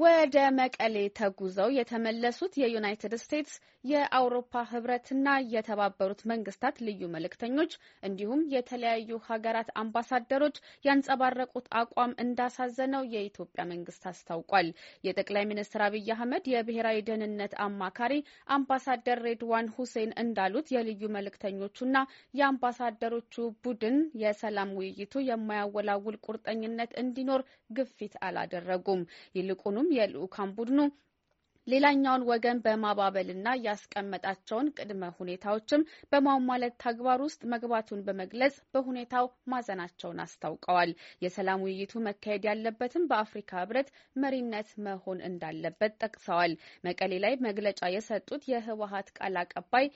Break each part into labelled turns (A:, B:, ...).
A: ወደ መቀሌ ተጉዘው የተመለሱት የዩናይትድ ስቴትስ የአውሮፓ ህብረትና የተባበሩት መንግስታት ልዩ መልእክተኞች እንዲሁም የተለያዩ ሀገራት አምባሳደሮች ያንጸባረቁት አቋም እንዳሳዘነው የኢትዮጵያ መንግስት አስታውቋል። የጠቅላይ ሚኒስትር አብይ አህመድ የብሔራዊ ደህንነት አማካሪ አምባሳደር ሬድዋን ሁሴን እንዳሉት የልዩ መልእክተኞቹና የአምባሳደሮቹ ቡድን የሰላም ውይይቱ የማያወላውል ቁርጠኝነት እንዲኖር ግፊት አላደረጉም። ይልቁንም ያለውም የልዑካን ቡድኑ ሌላኛውን ወገን በማባበልና ያስቀመጣቸውን ቅድመ ሁኔታዎችም በማሟለት ተግባር ውስጥ መግባቱን በመግለጽ በሁኔታው ማዘናቸውን አስታውቀዋል። የሰላም ውይይቱ መካሄድ ያለበትም በአፍሪካ ሕብረት መሪነት መሆን እንዳለበት ጠቅሰዋል። መቀሌ ላይ መግለጫ የሰጡት የህወሀት ቃል አቀባይ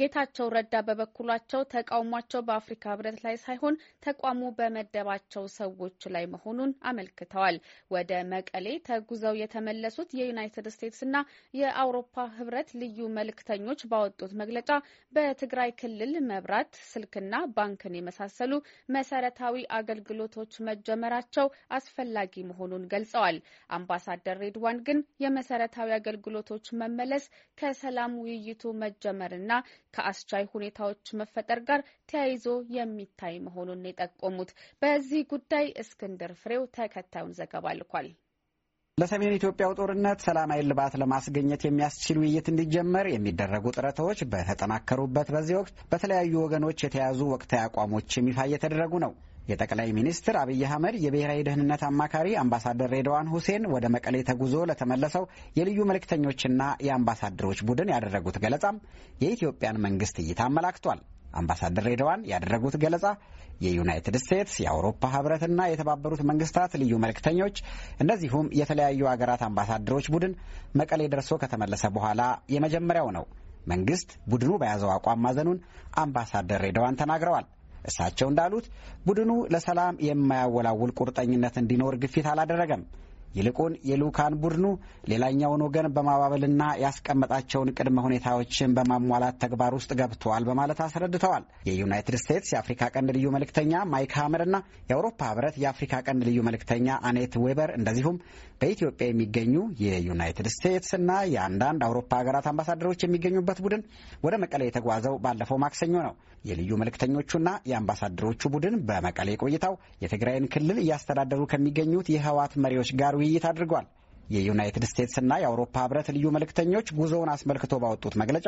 A: ጌታቸው ረዳ በበኩላቸው ተቃውሟቸው በአፍሪካ ህብረት ላይ ሳይሆን ተቋሙ በመደባቸው ሰዎች ላይ መሆኑን አመልክተዋል። ወደ መቀሌ ተጉዘው የተመለሱት የዩናይትድ ስቴትስና የአውሮፓ ህብረት ልዩ መልእክተኞች ባወጡት መግለጫ በትግራይ ክልል መብራት፣ ስልክና ባንክን የመሳሰሉ መሰረታዊ አገልግሎቶች መጀመራቸው አስፈላጊ መሆኑን ገልጸዋል። አምባሳደር ሬድዋን ግን የመሰረታዊ አገልግሎቶች መመለስ ከሰላም ውይይቱ መጀመርና ከአስቻይ ሁኔታዎች መፈጠር ጋር ተያይዞ የሚታይ መሆኑን የጠቆሙት በዚህ ጉዳይ እስክንድር ፍሬው ተከታዩን ዘገባ ልኳል።
B: ለሰሜን ኢትዮጵያው ጦርነት ሰላማዊ ልባት ለማስገኘት የሚያስችል ውይይት እንዲጀመር የሚደረጉ ጥረቶች በተጠናከሩበት በዚህ ወቅት በተለያዩ ወገኖች የተያዙ ወቅታዊ አቋሞችም ይፋ እየተደረጉ ነው። የጠቅላይ ሚኒስትር አብይ አህመድ የብሔራዊ ደህንነት አማካሪ አምባሳደር ሬድዋን ሁሴን ወደ መቀሌ ተጉዞ ለተመለሰው የልዩ መልእክተኞችና የአምባሳደሮች ቡድን ያደረጉት ገለጻም የኢትዮጵያን መንግስት እይታ አመላክቷል። አምባሳደር ሬድዋን ያደረጉት ገለጻ የዩናይትድ ስቴትስ የአውሮፓ ህብረትና የተባበሩት መንግስታት ልዩ መልእክተኞች እንደዚሁም የተለያዩ አገራት አምባሳደሮች ቡድን መቀሌ ደርሶ ከተመለሰ በኋላ የመጀመሪያው ነው። መንግስት ቡድኑ በያዘው አቋም ማዘኑን አምባሳደር ሬድዋን ተናግረዋል። እሳቸው እንዳሉት ቡድኑ ለሰላም የማያወላውል ቁርጠኝነት እንዲኖር ግፊት አላደረገም። ይልቁን የልኡካን ቡድኑ ሌላኛውን ወገን በማባበልና ያስቀመጣቸውን ቅድመ ሁኔታዎችን በማሟላት ተግባር ውስጥ ገብተዋል በማለት አስረድተዋል። የዩናይትድ ስቴትስ የአፍሪካ ቀንድ ልዩ መልእክተኛ ማይክ ሀመርና የአውሮፓ ህብረት የአፍሪካ ቀንድ ልዩ መልእክተኛ አኔት ዌበር እንደዚሁም በኢትዮጵያ የሚገኙ የዩናይትድ ስቴትስ እና የአንዳንድ አውሮፓ ሀገራት አምባሳደሮች የሚገኙበት ቡድን ወደ መቀሌ የተጓዘው ባለፈው ማክሰኞ ነው። የልዩ መልእክተኞቹና የአምባሳደሮቹ ቡድን በመቀሌ ቆይታው የትግራይን ክልል እያስተዳደሩ ከሚገኙት የህወሓት መሪዎች ጋር ውይይት አድርጓል። የዩናይትድ ስቴትስና የአውሮፓ ህብረት ልዩ መልእክተኞች ጉዞውን አስመልክቶ ባወጡት መግለጫ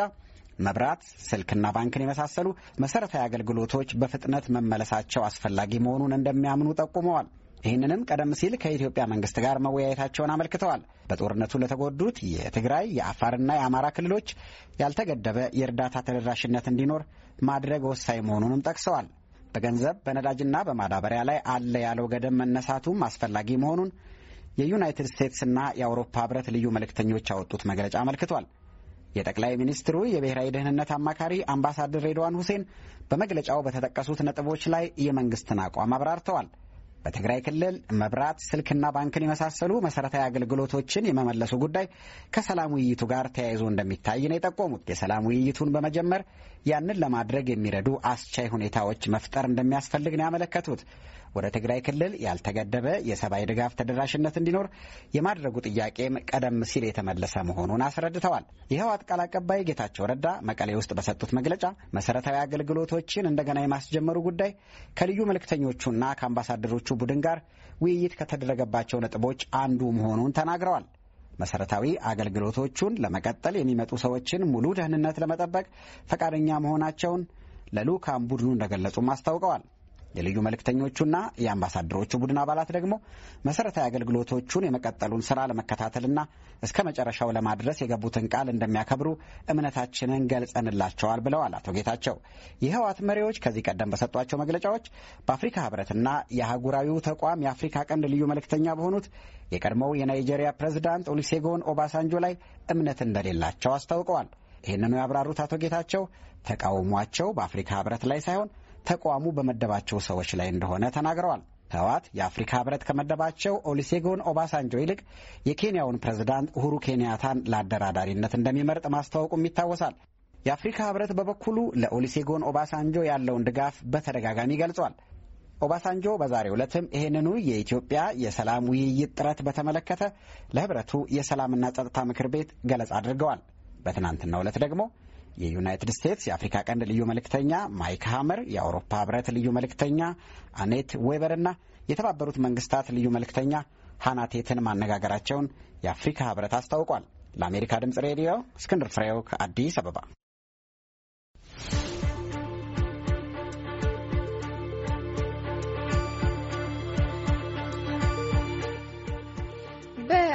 B: መብራት፣ ስልክና ባንክን የመሳሰሉ መሠረታዊ አገልግሎቶች በፍጥነት መመለሳቸው አስፈላጊ መሆኑን እንደሚያምኑ ጠቁመዋል። ይህንንም ቀደም ሲል ከኢትዮጵያ መንግስት ጋር መወያየታቸውን አመልክተዋል። በጦርነቱ ለተጎዱት የትግራይ የአፋርና የአማራ ክልሎች ያልተገደበ የእርዳታ ተደራሽነት እንዲኖር ማድረግ ወሳኝ መሆኑንም ጠቅሰዋል። በገንዘብ በነዳጅና በማዳበሪያ ላይ አለ ያለው ገደብ መነሳቱም አስፈላጊ መሆኑን የዩናይትድ ስቴትስና የአውሮፓ ህብረት ልዩ መልእክተኞች ያወጡት መግለጫ አመልክቷል። የጠቅላይ ሚኒስትሩ የብሔራዊ ደህንነት አማካሪ አምባሳደር ሬድዋን ሁሴን በመግለጫው በተጠቀሱት ነጥቦች ላይ የመንግስትን አቋም አብራርተዋል። በትግራይ ክልል መብራት፣ ስልክና ባንክን የመሳሰሉ መሰረታዊ አገልግሎቶችን የመመለሱ ጉዳይ ከሰላም ውይይቱ ጋር ተያይዞ እንደሚታይ ነው የጠቆሙት። የሰላም ውይይቱን በመጀመር ያንን ለማድረግ የሚረዱ አስቻይ ሁኔታዎች መፍጠር እንደሚያስፈልግ ነው ያመለከቱት። ወደ ትግራይ ክልል ያልተገደበ የሰብአዊ ድጋፍ ተደራሽነት እንዲኖር የማድረጉ ጥያቄም ቀደም ሲል የተመለሰ መሆኑን አስረድተዋል። የህወሓት ቃል አቀባይ ጌታቸው ረዳ መቀሌ ውስጥ በሰጡት መግለጫ መሰረታዊ አገልግሎቶችን እንደገና የማስጀመሩ ጉዳይ ከልዩ መልእክተኞቹና ከአምባሳደሮቹ ቡድን ጋር ውይይት ከተደረገባቸው ነጥቦች አንዱ መሆኑን ተናግረዋል። መሰረታዊ አገልግሎቶቹን ለመቀጠል የሚመጡ ሰዎችን ሙሉ ደህንነት ለመጠበቅ ፈቃደኛ መሆናቸውን ለልዑካን ቡድኑ እንደገለጹም አስታውቀዋል። የልዩ መልእክተኞቹና የአምባሳደሮቹ ቡድን አባላት ደግሞ መሰረታዊ አገልግሎቶቹን የመቀጠሉን ስራ ለመከታተልና እስከ መጨረሻው ለማድረስ የገቡትን ቃል እንደሚያከብሩ እምነታችንን ገልጸንላቸዋል ብለዋል አቶ ጌታቸው። የህወሓት መሪዎች ከዚህ ቀደም በሰጧቸው መግለጫዎች በአፍሪካ ህብረትና የአህጉራዊው ተቋም የአፍሪካ ቀንድ ልዩ መልእክተኛ በሆኑት የቀድሞው የናይጄሪያ ፕሬዝዳንት ኦሊሴጎን ኦባሳንጆ ላይ እምነት እንደሌላቸው አስታውቀዋል። ይህንኑ ያብራሩት አቶ ጌታቸው ተቃውሟቸው በአፍሪካ ህብረት ላይ ሳይሆን ተቋሙ በመደባቸው ሰዎች ላይ እንደሆነ ተናግረዋል። ህወሓት የአፍሪካ ህብረት ከመደባቸው ኦሊሴጎን ኦባሳንጆ ይልቅ የኬንያውን ፕሬዝዳንት ኡሁሩ ኬንያታን ለአደራዳሪነት እንደሚመርጥ ማስታወቁም ይታወሳል። የአፍሪካ ህብረት በበኩሉ ለኦሊሴጎን ኦባሳንጆ ያለውን ድጋፍ በተደጋጋሚ ገልጿል። ኦባሳንጆ በዛሬው ዕለትም ይህንኑ የኢትዮጵያ የሰላም ውይይት ጥረት በተመለከተ ለህብረቱ የሰላምና ጸጥታ ምክር ቤት ገለጻ አድርገዋል። በትናንትናው ዕለት ደግሞ የዩናይትድ ስቴትስ የአፍሪካ ቀንድ ልዩ መልእክተኛ ማይክ ሃመር፣ የአውሮፓ ህብረት ልዩ መልእክተኛ አኔት ና የተባበሩት መንግስታት ልዩ መልእክተኛ ሃናቴትን ማነጋገራቸውን የአፍሪካ ህብረት አስታውቋል። ለአሜሪካ ድምጽ ሬዲዮ እስክንድር ፍሬው ከአዲስ አበባ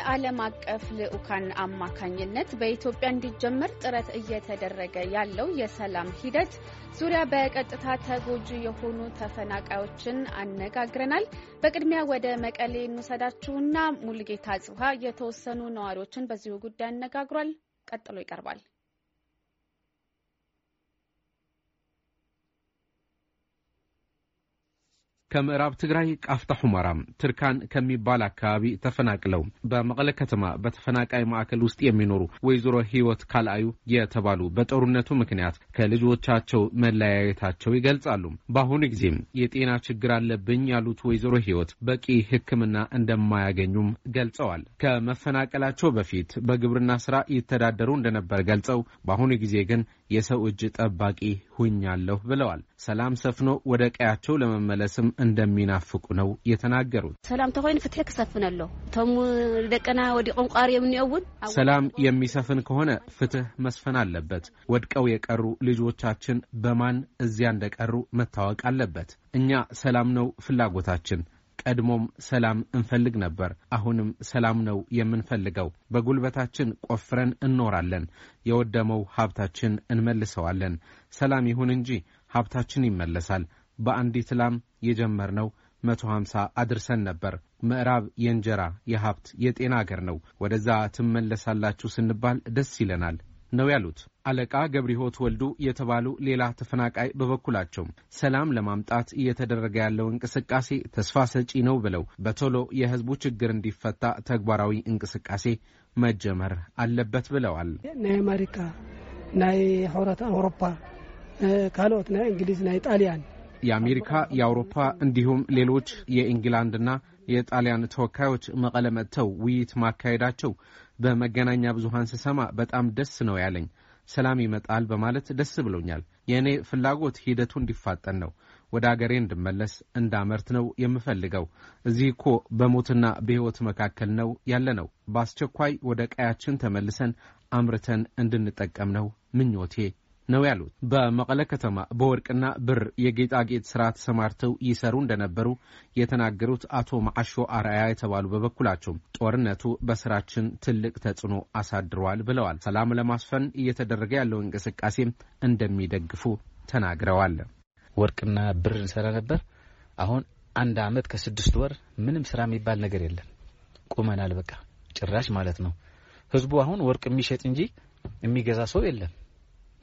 A: በዓለም አቀፍ ልዑካን አማካኝነት በኢትዮጵያ እንዲጀመር ጥረት እየተደረገ ያለው የሰላም ሂደት ዙሪያ በቀጥታ ተጎጂ የሆኑ ተፈናቃዮችን አነጋግረናል። በቅድሚያ ወደ መቀሌ እንውሰዳችሁና ሙልጌታ ጽሀ የተወሰኑ ነዋሪዎችን በዚሁ ጉዳይ አነጋግሯል። ቀጥሎ ይቀርባል።
C: ከምዕራብ ትግራይ ቃፍታ ሑመራ ትርካን ከሚባል አካባቢ ተፈናቅለው በመቀለ ከተማ በተፈናቃይ ማዕከል ውስጥ የሚኖሩ ወይዘሮ ህይወት ካልአዩ የተባሉ በጦርነቱ ምክንያት ከልጆቻቸው መለያየታቸው ይገልጻሉ። በአሁኑ ጊዜም የጤና ችግር አለብኝ ያሉት ወይዘሮ ህይወት በቂ ሕክምና እንደማያገኙም ገልጸዋል። ከመፈናቀላቸው በፊት በግብርና ስራ ይተዳደሩ እንደነበር ገልጸው በአሁኑ ጊዜ ግን የሰው እጅ ጠባቂ ሁኛለሁ ብለዋል። ሰላም ሰፍኖ ወደ ቀያቸው ለመመለስም እንደሚናፍቁ ነው የተናገሩት።
B: ሰላም ተኮይን ፍትሒ ክሰፍን ኣሎ እቶም ደቀና ወዲቆም ቃር የምንየውን
C: ሰላም የሚሰፍን ከሆነ ፍትህ መስፈን አለበት። ወድቀው የቀሩ ልጆቻችን በማን እዚያ እንደቀሩ መታወቅ አለበት። እኛ ሰላም ነው ፍላጎታችን። ቀድሞም ሰላም እንፈልግ ነበር። አሁንም ሰላም ነው የምንፈልገው። በጉልበታችን ቆፍረን እንኖራለን። የወደመው ሀብታችን እንመልሰዋለን። ሰላም ይሁን እንጂ ሀብታችን ይመለሳል። በአንዲት ላም የጀመርነው መቶ ሀምሳ አድርሰን ነበር። ምዕራብ የእንጀራ የሀብት የጤና አገር ነው፣ ወደዛ ትመለሳላችሁ ስንባል ደስ ይለናል ነው ያሉት። አለቃ ገብረሕይወት ወልዱ የተባሉ ሌላ ተፈናቃይ በበኩላቸው ሰላም ለማምጣት እየተደረገ ያለው እንቅስቃሴ ተስፋ ሰጪ ነው ብለው በቶሎ የህዝቡ ችግር እንዲፈታ ተግባራዊ እንቅስቃሴ መጀመር አለበት ብለዋል።
D: ናይ አሜሪካ ናይ ሕብረት አውሮፓ ካልኦት ናይ እንግሊዝ ናይ ጣሊያን
C: የአሜሪካ፣ የአውሮፓ እንዲሁም ሌሎች የኢንግላንድና የጣሊያን ተወካዮች መቀለ መጥተው ውይይት ማካሄዳቸው በመገናኛ ብዙሃን ስሰማ በጣም ደስ ነው ያለኝ። ሰላም ይመጣል በማለት ደስ ብሎኛል። የእኔ ፍላጎት ሂደቱ እንዲፋጠን ነው። ወደ አገሬ እንድመለስ እንዳመርት ነው የምፈልገው። እዚህ እኮ በሞትና በሕይወት መካከል ነው ያለ ነው። በአስቸኳይ ወደ ቀያችን ተመልሰን አምርተን እንድንጠቀም ነው ምኞቴ። ነው ያሉት። በመቀለ ከተማ በወርቅና ብር የጌጣጌጥ ስራ ተሰማርተው ይሰሩ እንደነበሩ የተናገሩት አቶ ማዓሾ አርአያ የተባሉ በበኩላቸው ጦርነቱ በስራችን ትልቅ ተጽዕኖ አሳድረዋል ብለዋል። ሰላም ለማስፈን እየተደረገ ያለው እንቅስቃሴም እንደሚደግፉ ተናግረዋል። ወርቅና ብር እንሰራ ነበር። አሁን አንድ አመት ከስድስት ወር ምንም ስራ የሚባል ነገር የለም። ቁመናል። በቃ ጭራሽ ማለት ነው። ህዝቡ አሁን ወርቅ የሚሸጥ እንጂ የሚገዛ ሰው የለም።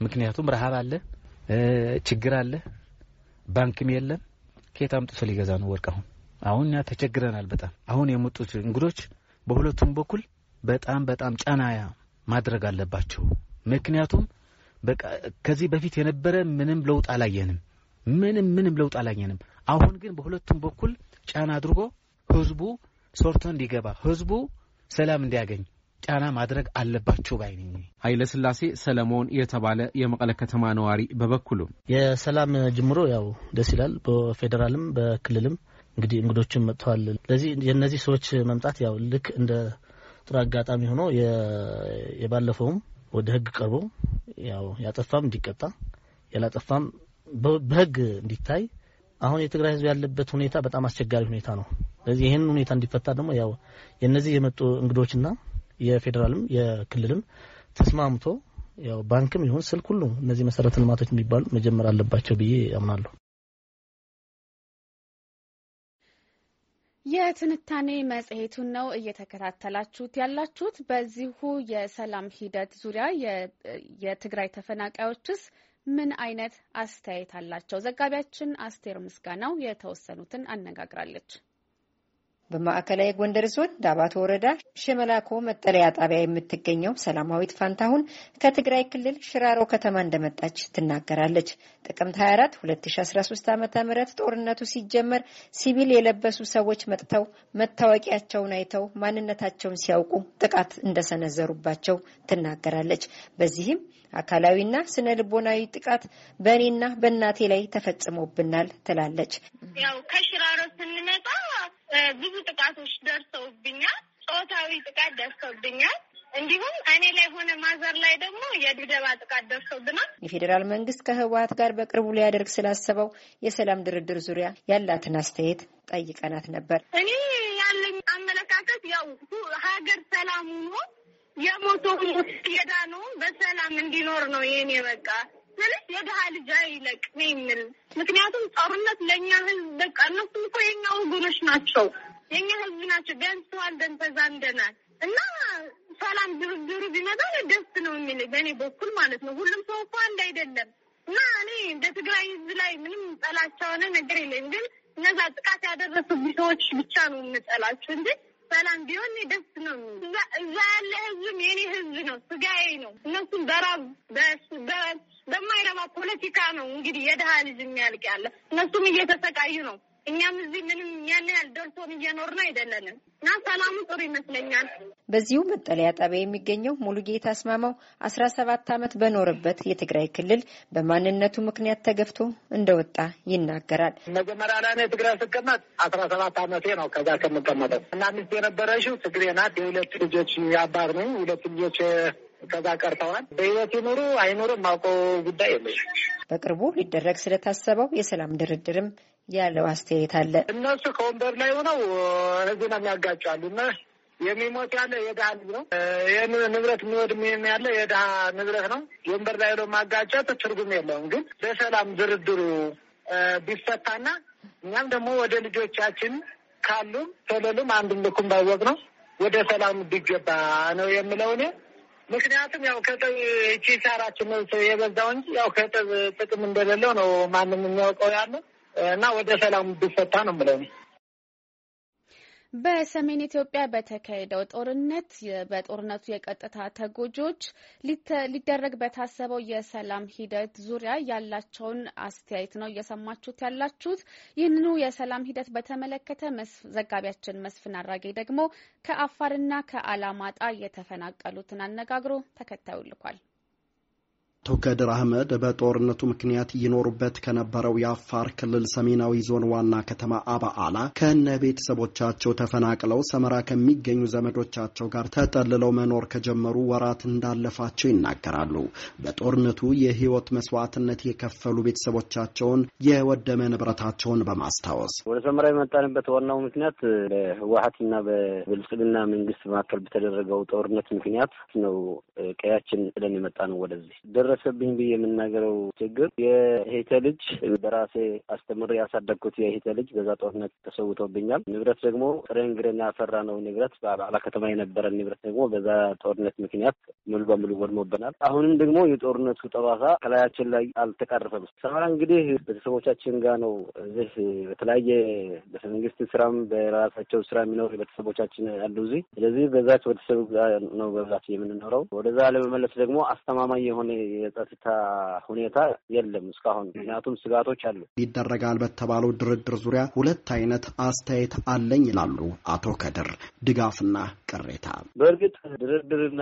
C: ምክንያቱም ረሃብ አለ፣ ችግር አለ፣ ባንክም የለም። ከየት አምጥቶ ሊገዛ ነው ወርቅ? አሁን አሁን እኛ ተቸግረናል በጣም አሁን የመጡት እንግዶች በሁለቱም በኩል በጣም በጣም ጫና ማድረግ አለባቸው። ምክንያቱም በቃ ከዚህ በፊት የነበረ ምንም ለውጥ አላየንም፣ ምንም ምንም ለውጥ አላየንም። አሁን ግን በሁለቱም በኩል ጫና አድርጎ ህዝቡ ሰርቶ እንዲገባ፣ ህዝቡ
D: ሰላም እንዲያገኝ ጫና ማድረግ አለባቸው ባይ ነኝ።
C: ስላሴ ሰለሞን የተባለ የመቀለ ከተማ ነዋሪ በበኩሉ
D: የሰላም ጅምሮ ያው ደስ ይላል። በፌዴራልም በክልልም እንግዲህ እንግዶችም መጥተዋል። ለዚህ የእነዚህ ሰዎች መምጣት ያው ልክ እንደ ጥሩ አጋጣሚ ሆኖ የባለፈውም ወደ ህግ ቀርቦ ያው ያጠፋም እንዲቀጣ ያላጠፋም በህግ እንዲታይ። አሁን የትግራይ ህዝብ ያለበት ሁኔታ በጣም አስቸጋሪ ሁኔታ ነው። ስለዚህ ይህን ሁኔታ እንዲፈታ ደግሞ ያው የእነዚህ የመጡ እንግዶችና የፌዴራልም የክልልም ተስማምቶ ያው ባንክም ይሁን ስልክ ሁሉ እነዚህ መሰረተ ልማቶች የሚባሉ መጀመር አለባቸው ብዬ አምናለሁ።
A: የትንታኔ መጽሔቱን ነው እየተከታተላችሁት ያላችሁት። በዚሁ የሰላም ሂደት ዙሪያ የትግራይ ተፈናቃዮችስ ምን አይነት አስተያየት አላቸው? ዘጋቢያችን አስቴር ምስጋናው የተወሰኑትን አነጋግራለች።
E: በማዕከላዊ ጎንደር ዞን ዳባት ወረዳ ሸመላኮ መጠለያ ጣቢያ የምትገኘው ሰላማዊት ፋንታሁን ከትግራይ ክልል ሽራሮ ከተማ እንደመጣች ትናገራለች። ጥቅምት 24 2013 ዓ ም ጦርነቱ ሲጀመር ሲቪል የለበሱ ሰዎች መጥተው መታወቂያቸውን አይተው ማንነታቸውን ሲያውቁ ጥቃት እንደሰነዘሩባቸው ትናገራለች። በዚህም አካላዊና ስነ ልቦናዊ ጥቃት በእኔና በእናቴ ላይ ተፈጽሞብናል ትላለች።
F: ያው ከሽራሮ ስንመጣ ብዙ ጥቃቶች ደርሰውብኛል። ጾታዊ ጥቃት ደርሰውብኛል። እንዲሁም እኔ ላይ ሆነ ማዘር ላይ ደግሞ የድብደባ ጥቃት ደርሶብናል።
E: የፌዴራል መንግስት ከህወሀት ጋር በቅርቡ ሊያደርግ ስላሰበው የሰላም ድርድር ዙሪያ ያላትን አስተያየት ጠይቀናት ነበር።
F: እኔ ያለኝ አመለካከት ያው ሀገር ሰላም ሆኖ የሞተው ሄዳ ነው በሰላም እንዲኖር ነው። ይህን በቃ ስልህ የድሀ ልጅ አይለቅ ነው የምል። ምክንያቱም ጦርነት ለእኛ ህዝብ በቃ እነሱም እኮ የኛ ወገኖች ናቸው፣ የኛ ህዝብ ናቸው። ቢያንስ ተዋልደን ተዛምደናል እና ሰላም ድርድሩ ቢመጣ ደስ ነው የሚል በእኔ በኩል ማለት ነው። ሁሉም ሰው እኮ አንድ አይደለም እና እኔ እንደ ትግራይ ህዝብ ላይ ምንም ጠላቻ ሆነ ነገር የለም። ግን እነዛ ጥቃት ያደረሱብኝ ሰዎች ብቻ ነው የምጠላቸው እንዴ ሰላም ቢሆን ደስ ነው። እዛ ያለ ህዝብም የኔ ህዝብ ነው፣ ስጋዬ ነው። እነሱም በራብ በማይረባ ፖለቲካ ነው እንግዲህ የድሃ ልጅ የሚያልቅ ያለ እነሱም እየተሰቃዩ ነው። እኛም እዚህ ምንም ያን ያህል ደርሶን እየኖርን አይደለንም እና ሰላሙ ጥሩ ይመስለኛል።
E: በዚሁ መጠለያ ጣቢያ የሚገኘው ሙሉጌታ አስማማው አስራ ሰባት ዓመት በኖረበት የትግራይ ክልል በማንነቱ ምክንያት ተገፍቶ እንደወጣ ይናገራል። መጀመሪያ
F: ላይ የትግራይ ስቀመጥ አስራ ሰባት ዓመቴ ነው። ከዛ ከምቀመጠው እና ሚስት የነበረሽው ትግሬ ናት። የሁለት ልጆች አባት ነኝ። ሁለት ልጆች ከዛ ቀርተዋል። በህይወት ይኑሩ አይኑርም ማውቀው ጉዳይ የለ።
E: በቅርቡ ሊደረግ ስለታሰበው የሰላም ድርድርም ያለው አስተያየት አለ።
F: እነሱ ከወንበር ላይ ሆነው ህዝብ ነው የሚያጋጫሉ እና የሚሞት ያለ የድሃ ልጅ ነው። ንብረት የሚወድም ያለ የድሃ ንብረት ነው። ወንበር ላይ ሆነው ማጋጨት ትርጉም የለውም። ግን በሰላም ድርድሩ ቢፈታና እኛም ደግሞ ወደ ልጆቻችን ካሉም ተለሉም አንድም ልኩም ባወቅ ነው ወደ ሰላም ቢገባ ነው የምለው እኔ ምክንያቱም ያው ከጥብ ኪሳራችን ነው የበዛው እንጂ ያው ከጥብ ጥቅም እንደሌለው ነው ማንም የሚያውቀው ያለ እና ወደ ሰላም ቢፈታ ነው የምለው።
A: በሰሜን ኢትዮጵያ በተካሄደው ጦርነት በጦርነቱ የቀጥታ ተጎጂዎች ሊደረግ በታሰበው የሰላም ሂደት ዙሪያ ያላቸውን አስተያየት ነው እየሰማችሁት ያላችሁት። ይህንኑ የሰላም ሂደት በተመለከተ ዘጋቢያችን መስፍን አራጌ ደግሞ ከአፋርና ከአላማጣ የተፈናቀሉትን አነጋግሮ ተከታዩ ልኳል።
B: አቶ ከድር አህመድ በጦርነቱ ምክንያት ይኖሩበት ከነበረው የአፋር ክልል ሰሜናዊ ዞን ዋና ከተማ አባአላ ከነ ቤተሰቦቻቸው ተፈናቅለው ሰመራ ከሚገኙ ዘመዶቻቸው ጋር ተጠልለው መኖር ከጀመሩ ወራት እንዳለፋቸው ይናገራሉ። በጦርነቱ የህይወት መስዋዕትነት የከፈሉ ቤተሰቦቻቸውን የወደመ ንብረታቸውን በማስታወስ
D: ወደ ሰመራ የመጣንበት ዋናው ምክንያት በህወሀትና በብልጽግና መንግስት መካከል በተደረገው ጦርነት ምክንያት ነው። ቀያችን ጥለን የመጣ ነው ወደዚህ ደረሰብኝ ብዬ የምናገረው ችግር የሄተ ልጅ በራሴ አስተምሬ ያሳደግኩት የሄተ ልጅ በዛ ጦርነት ተሰውቶብኛል። ንብረት ደግሞ ጥረን ግረን ያፈራ ነው ንብረት በአባላ ከተማ የነበረ ንብረት ደግሞ በዛ ጦርነት ምክንያት ሙሉ በሙሉ ወድሞብናል። አሁንም ደግሞ የጦርነቱ ጠባሳ ከላያችን ላይ አልተቃረፈም። ሰማራ እንግዲህ ቤተሰቦቻችን ጋር ነው እዚህ በተለያየ በመንግስት ስራም በራሳቸው ስራ የሚኖሩ ቤተሰቦቻችን ያሉ እዚህ። ስለዚህ በዛች ቤተሰብ ነው በብዛት የምንኖረው። ወደዛ ለመመለስ ደግሞ አስተማማኝ የሆነ የጸጥታ ሁኔታ የለም እስካሁን። ምክንያቱም ስጋቶች አሉ።
B: ይደረጋል በተባለው ድርድር ዙሪያ ሁለት አይነት አስተያየት አለኝ ይላሉ አቶ ከድር፣ ድጋፍና
D: ቅሬታ። በእርግጥ ድርድርና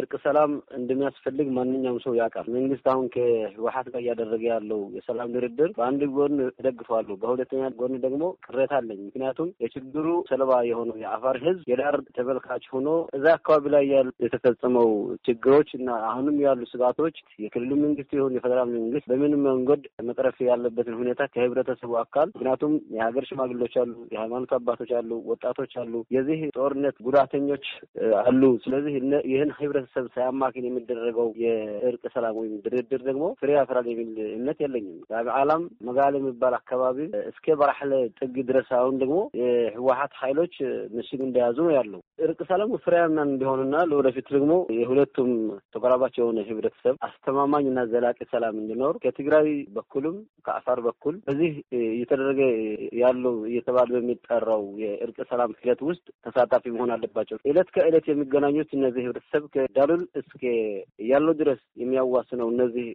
D: እርቅ ሰላም እንደሚያስፈልግ ማንኛውም ሰው ያውቃል። መንግስት አሁን ከህወሀት ጋር እያደረገ ያለው የሰላም ድርድር በአንድ ጎን እደግፈዋለሁ፣ በሁለተኛ ጎን ደግሞ ቅሬታ አለኝ። ምክንያቱም የችግሩ ሰለባ የሆነው የአፋር ህዝብ የዳር ተመልካች ሆኖ እዛ አካባቢ ላይ የተፈጸመው ችግሮች እና አሁንም ያሉ ስጋቶች መንግስት የክልሉ መንግስት ይሁን የፌዴራል መንግስት በምን መንገድ መቅረፍ ያለበትን ሁኔታ ከህብረተሰቡ አካል ምክንያቱም የሀገር ሽማግሌዎች አሉ፣ የሃይማኖት አባቶች አሉ፣ ወጣቶች አሉ፣ የዚህ ጦርነት ጉዳተኞች አሉ። ስለዚህ ይህን ህብረተሰብ ሳያማክን የሚደረገው የእርቅ ሰላም ወይም ድርድር ደግሞ ፍሬ ያፈራል የሚል እምነት የለኝም። አላም መጋል የሚባል አካባቢ እስከ በራህለ ጥግ ድረስ አሁን ደግሞ የህወሀት ኃይሎች ምሽግ እንደያዙ ነው ያለው። እርቅ ሰላም ፍሬያና እንዲሆንና ለወደፊት ደግሞ የሁለቱም ተቆራባቸው የሆነ ህብረተሰብ አስተማማኝ እና ዘላቂ ሰላም እንዲኖር ከትግራይ በኩልም ከአፋር በኩል በዚህ እየተደረገ ያለው እየተባለ በሚጠራው የእርቅ ሰላም ሂደት ውስጥ ተሳታፊ መሆን አለባቸው። እለት ከእለት የሚገናኙት እነዚህ ህብረተሰብ ከዳሉል እስከ ያለው ድረስ የሚያዋስነው እነዚህ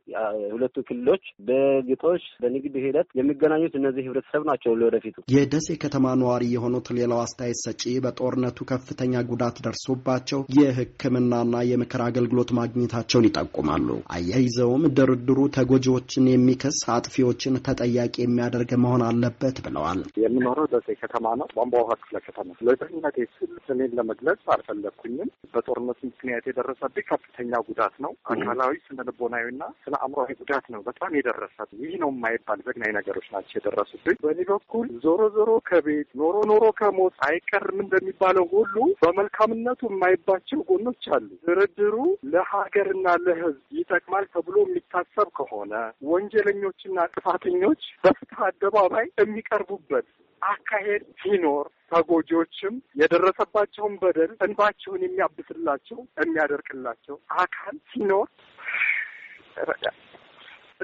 D: ሁለቱ ክልሎች በግጦሽ በንግድ ሂደት የሚገናኙት እነዚህ ህብረተሰብ ናቸው። ለወደፊቱ
B: የደሴ ከተማ ነዋሪ የሆኑት ሌላው አስተያየት ሰጪ በጦርነቱ ከፍተኛ ጉዳት ደርሶባቸው የህክምናና የምክር አገልግሎት ማግኘታቸውን ይጠቁማሉ። አያይዘውም ድርድሩ ተጎጂዎችን የሚከስ አጥፊዎችን ተጠያቂ የሚያደርግ መሆን አለበት
E: ብለዋል።
G: የምኖረው ደሴ ከተማ ነው፣ ቧንቧ ውሃ ክፍለ ከተማ። ለደህንነቴ ስል ስሜን ለመግለጽ አልፈለግኩኝም። በጦርነት ምክንያት የደረሰብኝ ከፍተኛ ጉዳት ነው። አካላዊ፣ ስነ ልቦናዊና ስነ አእምሯዊ ጉዳት ነው በጣም የደረሰብ። ይህ ነው የማይባል ዘግናኝ ነገሮች ናቸው የደረሱብኝ። በእኔ በኩል ዞሮ ዞሮ ከቤት ኖሮ ኖሮ ከሞት አይቀርም እንደሚባለው ሁሉ በመልካምነቱ የማይባቸው ጎኖች አሉ። ድርድሩ ለሀገርና ለህዝብ ይጠ ይጠቅማል ተብሎ የሚታሰብ ከሆነ ወንጀለኞችና ጥፋተኞች በፍትህ አደባባይ የሚቀርቡበት አካሄድ ሲኖር ተጎጂዎችም የደረሰባቸውን በደል እንባቸውን የሚያብስላቸው የሚያደርቅላቸው አካል ሲኖር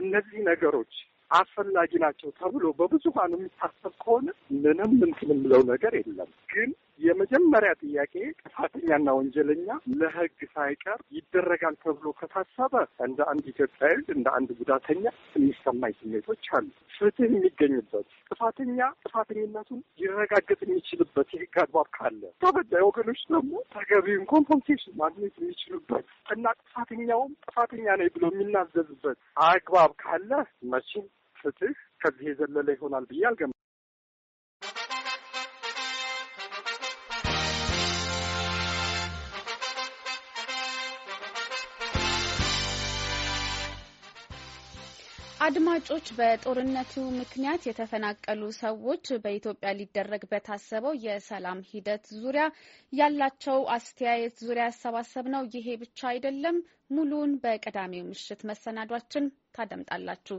G: እነዚህ ነገሮች አስፈላጊ ናቸው ተብሎ በብዙሀኑ የሚታሰብ ከሆነ ምንም ምንትንም ነገር የለም ግን የመጀመሪያ ጥያቄ ጥፋተኛና ወንጀለኛ ለህግ ሳይቀር ይደረጋል ተብሎ ከታሰበ እንደ አንድ ኢትዮጵያዊ እንደ አንድ ጉዳተኛ የሚሰማኝ ስሜቶች አሉ። ፍትሕ የሚገኝበት ጥፋተኛ ጥፋተኝነቱን ሊረጋገጥ የሚችልበት የህግ አግባብ ካለ ተበዳይ ወገኖች ደግሞ ተገቢውን ኮምፐንሴሽን ማግኘት የሚችሉበት እና ጥፋተኛውም ጥፋተኛ ነኝ ብሎ የሚናዘዝበት አግባብ ካለ መቼም ፍትህ ከዚህ የዘለለ ይሆናል ብዬ አልገም
A: አድማጮች በጦርነቱ ምክንያት የተፈናቀሉ ሰዎች በኢትዮጵያ ሊደረግ በታሰበው የሰላም ሂደት ዙሪያ ያላቸው አስተያየት ዙሪያ ያሰባሰብ ነው። ይሄ ብቻ አይደለም። ሙሉውን በቀዳሚው ምሽት መሰናዷችን ታደምጣላችሁ።